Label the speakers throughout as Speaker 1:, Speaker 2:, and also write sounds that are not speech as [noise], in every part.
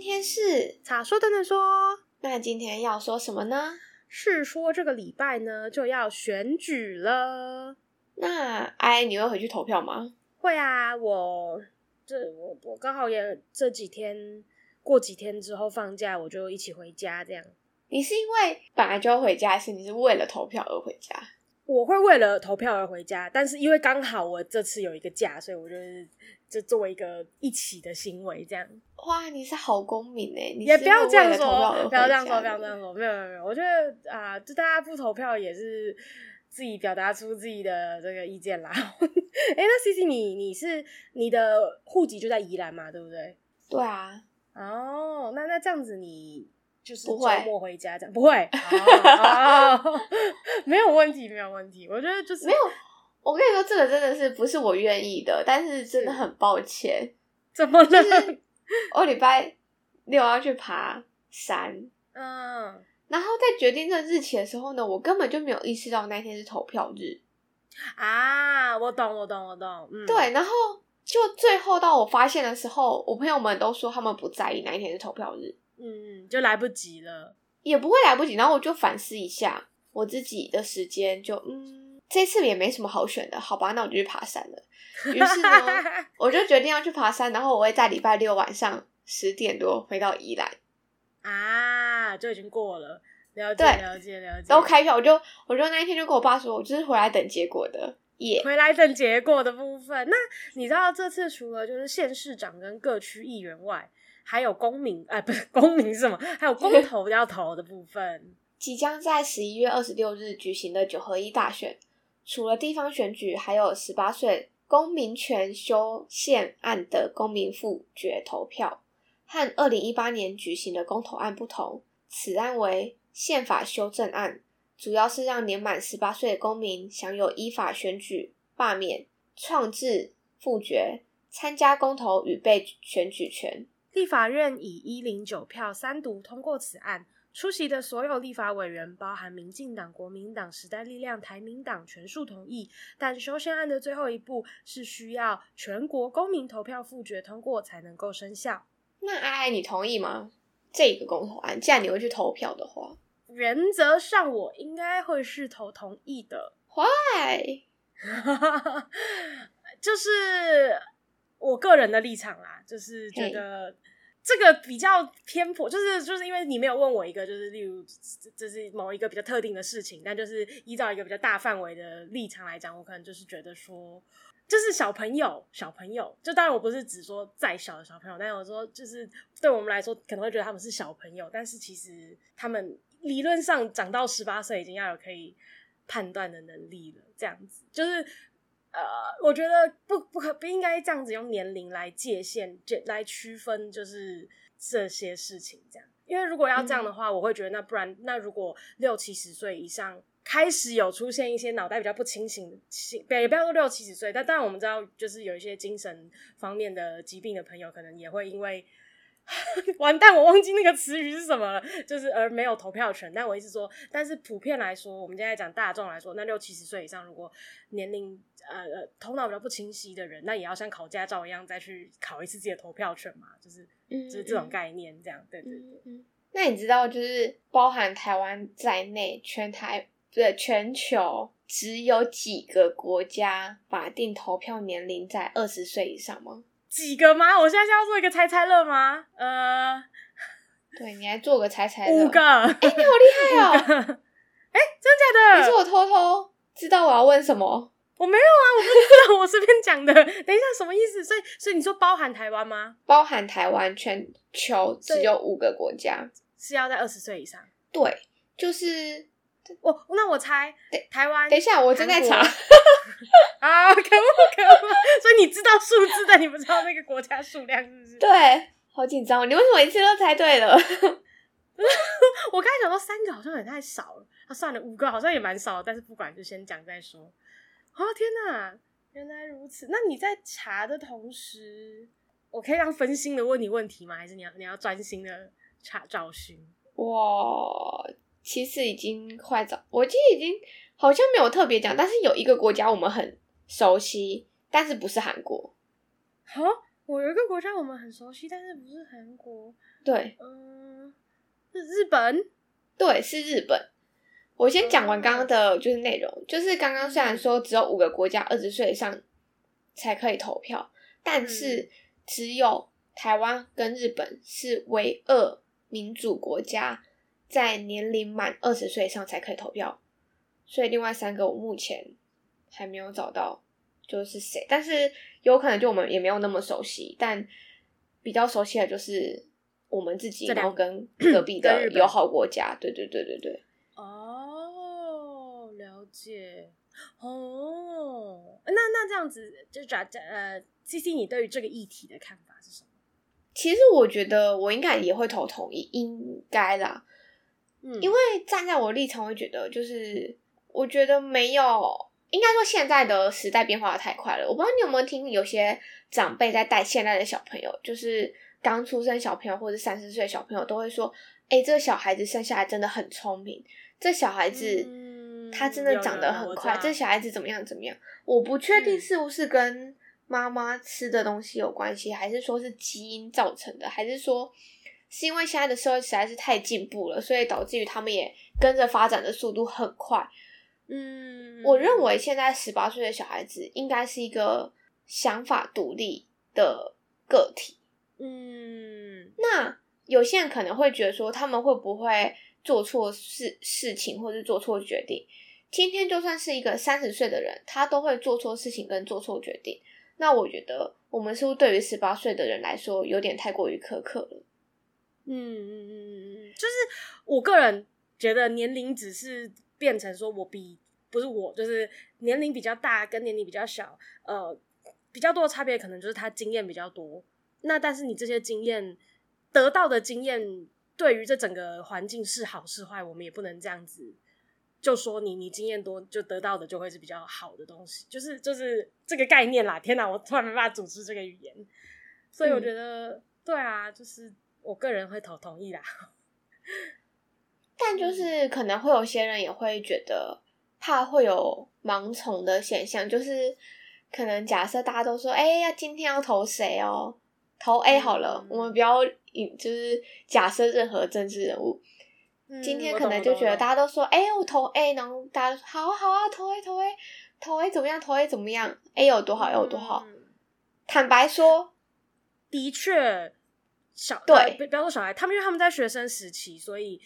Speaker 1: 今天是草說短短說，那今天要說什麼呢？是說這個禮拜
Speaker 2: 呢就要選舉了。那哎，你會回去投票嗎？會啊，我這我我剛好也這幾天過幾天之後放假，我就一起回家這樣。你是因為
Speaker 1: 本來就要回家，還是你是為了投票而回家？
Speaker 2: 我會為了投票而回家，但是因為剛好我這次有一個假，所以我就是就作為一個一起的行為這樣。哇，你是好公民哎！也不要這樣說，不要這樣說，不要這樣說，沒有沒有，沒有。我覺得啊，就大家不投票也是自己表達出自己的這個意見啦。 [laughs] 欸，那 CC 你你是你的戶籍就在宜蘭嘛，對不對？對啊。哦，那那這樣子你。不會，週末回家這樣不會，不會
Speaker 1: 哦哦、 [laughs] 沒有問題，沒有問題。我覺得就是沒有。我跟你說，這個真的是不是我願意的，但是真的很抱歉。就是、怎麼了？我禮拜六要去爬山，嗯，然後在決定這日期的時候呢，我根本就沒有意識到那一天是投票日
Speaker 2: 啊！我懂，我懂，我懂。嗯，對。
Speaker 1: 然後就最後到我發現的時候，我朋友們都說他們不在意那一天是投票日。
Speaker 2: 嗯，就來不及了，
Speaker 1: 也不會來不及。然後我就反思一下我自己的時間，就嗯，這次也沒什麼好選的，好吧？那我就去爬山了。於
Speaker 2: 是
Speaker 1: 呢， [laughs] 我就決定要去爬山。然後我會在禮拜六晚上十點多回到宜
Speaker 2: 蘭啊，就已經過了。了解，了解，了解。然後開票，我就我就那一天就跟我爸說，我就是回來等結果的，也、yeah、回來等結果的部分。那你知道這次除了就是縣市長跟各區議員外？還有公民，哎，不是，公民是什麼？還有公投要投的部分。嗯，即將在十一月二十六日
Speaker 1: 舉行的九合一大選，除了地方選舉，還有十八歲公民權修憲案的公民複決投票。和二零一八年舉行的公投案不同，此案為憲法修正案，主要是讓年滿十八歲的公民享有依法選舉、罷免、創制、複決、參加公投與被選舉權。
Speaker 2: 立法院以一零九票三讀通過此案，出席的所有立法委員，包含民進黨、國民黨、時代力量、台民黨，全數同意。但修憲案的最後一步是需要全國公民投票複決通過才能夠生效。
Speaker 1: 那阿、哎哎、你同意嗎？這個公投案，既然你會去投票的話，
Speaker 2: 原則上我應該會是投同意的。Why， [laughs] 就是。我個人的立場啦、啊，就是覺得、Okay，這個比較偏頗，就是就是因為你沒有問我一個，就是例如就是某一個比較特定的事情，但就是依照一個比較大範圍的立場來講，我可能就是覺得說，就是小朋友，小朋友，就當然我不是只說再小的小朋友，但我說就是對我們來說可能會覺得他們是小朋友，但是其實他們理論上長到十八歲已經要有可以判斷的能力了，這樣子就是。呃、uh，我覺得不不可不應該這樣子用年齡來界限，來區分，就是這些事情這樣。因為如果要這樣的話，嗯、我會覺得那不然，那如果六七十歲以上開始有出現一些腦袋比較不清醒的，也不要說六七十歲，但當然我們知道，就是有一些精神方面的疾病的朋友，可能也會因為。 [laughs] 完蛋，我忘記那個詞語是什麼了。就是而沒有投票權，但我意思是說，但是普遍來說，我們現在講大眾來說，那六七十歲以上，如果年齡呃呃頭腦比較不清晰的人，那也要像考駕照一樣再去考一次自己的投票權嘛？就是就是這種概念這樣、嗯、對對對？
Speaker 1: 那你知道，就是包含台灣在內，全台不是全球只有幾個國家法定投票年齡在二十歲以上嗎？
Speaker 2: 幾個嗎？我現在是要做一個猜猜樂嗎？呃，對你來做個猜猜樂。五個。哎、
Speaker 1: 欸，你好厲害啊、喔！
Speaker 2: 哎、欸，真的假的？你說我偷偷知道我要問什麼？我沒有啊，我不知道，我隨便講的。 [laughs] 等一下，什麼意思？所以，所以你說包含台灣嗎？
Speaker 1: 包含台灣，全球只有五個國家
Speaker 2: 是要在二十歲以上。對，就是。我那我猜台灣、欸，等一下我正在查， [laughs] 啊，可不可能？ [laughs] 所以你知道數字， [laughs] 但你不知道那個國家數量，是是
Speaker 1: 不是？對，好緊張，你為什麼每次都猜對
Speaker 2: 了？ [laughs] 我剛才想到三個好像也太少了，啊，算了，五個好像也蠻少，但是不管就先講再說。哦天哪，原來如此，那你在查的同時，我可以讓分心的問你問題嗎？還是你要你要專心的查找尋？
Speaker 1: 哇。其實已經快早，我記得已經好像沒有特別講，但是有一個國家我們很熟悉，但是不是韓國。
Speaker 2: 好，哦，我有一個國家我們很熟悉，但是不是韓國。對，嗯，
Speaker 1: 是日本。對，是日本。我先講完剛剛的就是內容，嗯，就是剛剛雖然說只有五個國家二十歲以上才可以投票，但是只有台灣跟日本是唯二民主國家，在年齡滿二十歲以上才可以投票，所以另外三個我目前還沒有找到就是誰，但是有可能就我們也沒有那麼熟悉，但比較熟悉的，就是我們自己，然後跟隔壁的友好國家，對對對對對對。
Speaker 2: 哦，了解。哦，那那這樣子，就抓呃，C C，你對於這個議題的看法是什麼？
Speaker 1: 其實我覺得我應該也會投同意，應該啦。因為站在我立場會覺得，就是我覺得沒有，應該說現在的時代變化的太快了。我不知道你有沒有聽，有些長輩在帶現在的小朋友，就是剛出生小朋友或者三四歲小朋友，都會說：“誒、欸，這個小孩子生下來真的很聰明，這小孩子他真的長得很快，嗯、這小孩子怎麼樣怎麼樣。”我不確定是不是跟媽媽吃的東西有關係，嗯、還是說是基因造成的，還是說？是因為現在的社會實在是太進步了，所以導致於他們也跟着發展的速度很快。嗯，
Speaker 2: 我
Speaker 1: 認為現在十八歲的小孩子應該是一個想法獨立的個體。嗯，那有些人可能會覺得說，他們會不會做錯事事情，或是做錯決定？今天就算是一個三十歲的人，他都會做錯事情跟做錯決定。那我覺得我們是不是對於十八歲的人來說有點太過於苛刻了？
Speaker 2: 嗯嗯嗯嗯嗯，就是我個人覺得年齡只是變成說，我比不是我就是年齡比較大跟年齡比較小，呃，比較多的差別可能就是他經驗比較多。那但是你這些經驗得到的經驗對於這整個環境是好是壞，我們也不能這樣子就說你你經驗多就得到的就會是比較好的東西，就是就是這個概念啦。天哪，我突然沒辦法組織這個語言，所以我覺得、嗯、對啊，就是。我個人會投同意啦，
Speaker 1: 但就是可能會有些人也會覺得怕會有盲從的現象，就是可能假設大家都說，哎呀，今天要投誰哦？投 A 好了，嗯、我們不要就是假設任何政治人物、嗯，今天可能就覺得大家都說，哎、欸，我投 A，然後大家都說，好啊，好啊，投 A，投 A，投 A 怎麼樣？投 A 怎麼樣？A 有多好？A 有多好，
Speaker 2: 嗯？坦白說，的確。小對、呃，不要說小孩，他們因為他們在學生時期，所以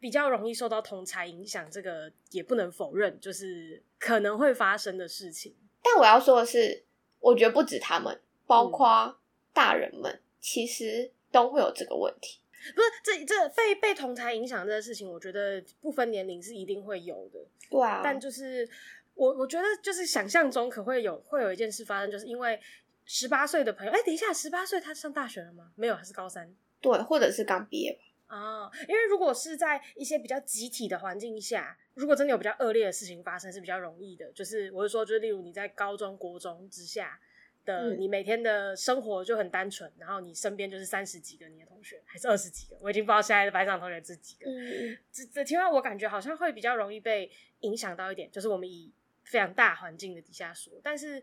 Speaker 2: 比較容易受到同儕影響，這個也不能否認，就是可能會發生的事情。
Speaker 1: 但我要說的是，我覺得不止他們，包括大人們，嗯、其實都會有這個問題。
Speaker 2: 不是這這被被同儕影響這個事情，我覺得不分年齡是一定會有的。對啊，但就是我我覺得就是想象中可會有會有一件事發生，就是因為。十八歲的朋友，哎、欸，等一下，十八歲他上大學了嗎？沒有，還是高三？
Speaker 1: 對，或者是剛畢業
Speaker 2: 吧。啊、哦，因為如果是在一些比較集體的環境下，如果真的有比較惡劣的事情發生，是比較容易的。就是我就說，就是說，就例如你在高中、國中之下的，嗯、你每天的生活就很單純，然後你身邊就是三十幾個你的同學，還是二十幾個，我已經不知道現在的班上同學是幾個。嗯、這這情況，我感覺好像會比較容易被影響到一點，就是我們以非常大環境的底下說，但是。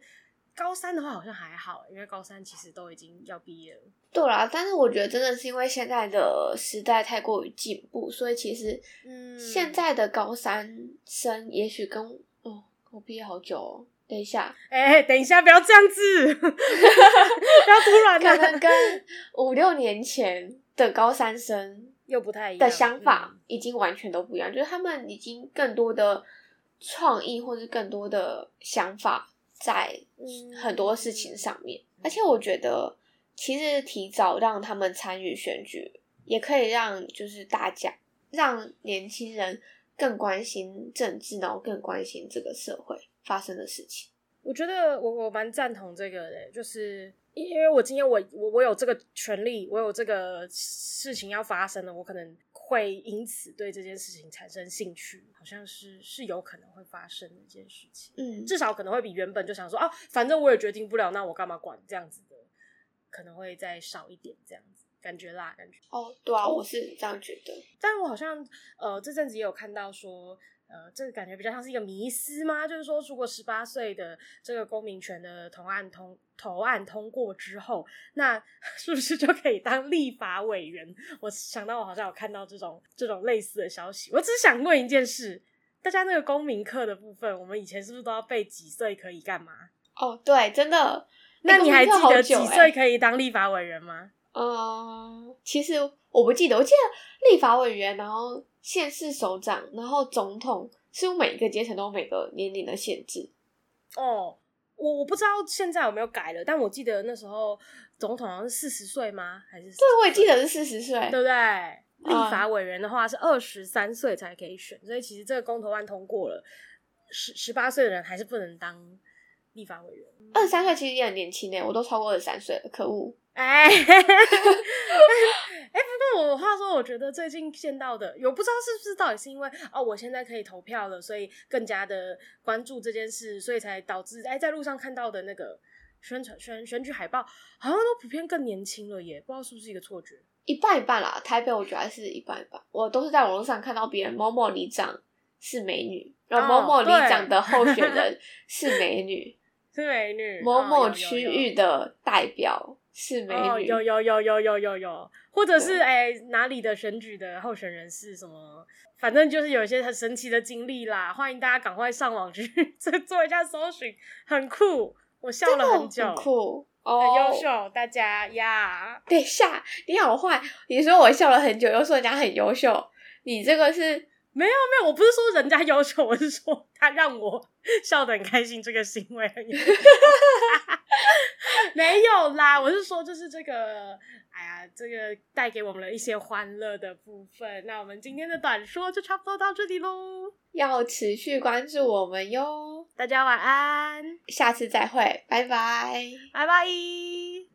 Speaker 2: 高三的話好像還好，因為高三其實都已經要畢業了。
Speaker 1: 對啦，但是我覺得真的是因為現在的時代太過於進步，所以其實，嗯，現在的高三生也許跟、嗯、哦，我畢業好久哦，等一下，哎、
Speaker 2: 欸，等一下，不要這樣子， [laughs] [laughs] 不要突然， [laughs] 可能跟
Speaker 1: 五六年前的高三生又不太一樣的想法，已經完全都不一樣、嗯，就是他們已經更多的創意或是更多的想法。在很多事情上面，而且我覺得，其實提早讓他們參與選舉，也可以讓就是大家讓年輕人更關心政治，然後更關心這個社會發生的事情。
Speaker 2: 我覺得我我蠻贊同這個的，就是因為，我今天我我我有這個權利，我有這個事情要發生了，我可能。會因此對這件事情產生興趣，好像是是有可能會發生的一件事情。嗯，至少可能會比原本就想說，啊，反正我也決定不了，那我幹嘛管這樣子的，可能會再少一點這樣子感覺啦，感覺，感覺。哦，對啊，哦，我是這樣覺得。但我好像呃，這陣子也有看到說。呃，這個感覺比較像是一個迷思嗎？就是說，如果十八歲的這個公民權的同案通投案通過之後，那是不是就可以當立法委員？我想到我好像有看到這種這種類似的消息。我只是想問一件事：大家那個公民課的部分，我們以前是不是都要背幾歲可以幹嘛？哦，對，真的。
Speaker 1: 那你還記得幾歲
Speaker 2: 可以當立法委員嗎？嗯、
Speaker 1: 欸欸呃，其實我不記得。我記得立法委員，然後。縣市首長，然後總統，是每一個階層都有每個年齡的限制。
Speaker 2: 哦，我我不知道現在有沒有改了，但我記得那時候總統好像是四十歲嗎？還是？對，我也記得是四十歲，對不對？嗯。立法委員的話是二十三歲才可以選，所以其實這個公投案通過了，十十八歲的人還是不能當立法委員。二十三
Speaker 1: 歲其實也很年輕誒，我都超過二十三歲了，可惡。
Speaker 2: 哎, [laughs] 哎，哎，不過我話說，我覺得最近見到的有不知道是不是到底是因為哦，我現在可以投票了，所以更加的關注這件事，所以才導致哎，在路上看到的那個宣傳宣選舉海報，好像都普遍更年輕了耶，不知道是不是一個錯覺，
Speaker 1: 一半一半啦，台北我覺得還是一半吧，我都是在網絡上看到別人某某里長是美女，哦、然後某某里長的候選人是美女，
Speaker 2: [laughs] 是美女，某
Speaker 1: 某區域的
Speaker 2: 代表。是沒有，有、oh, 有有有有有有有，或者是哎、oh. 欸、哪裡的選舉的候選人是什麼？反正就是有一些很神奇的經歷啦。歡迎大家趕快上網去做一下搜尋，很酷，我笑了很久，這個、很酷，oh. 很優秀，大家呀，yeah. 等一下
Speaker 1: 你好壞，你說我笑了很
Speaker 2: 久，又說人家很優秀，你這個是。沒有沒有，我不是說人家要求，我是說他讓我笑得很開心，這個行為很有 [laughs] 沒有啦。我是說，就是這個，哎呀，這個帶給我們了一些歡樂的部分。那我們今天的短說就差不多到這裡嘍，
Speaker 1: 要持續關
Speaker 2: 注我們喲。大家晚安，
Speaker 1: 下次再會，拜拜，
Speaker 2: 拜拜。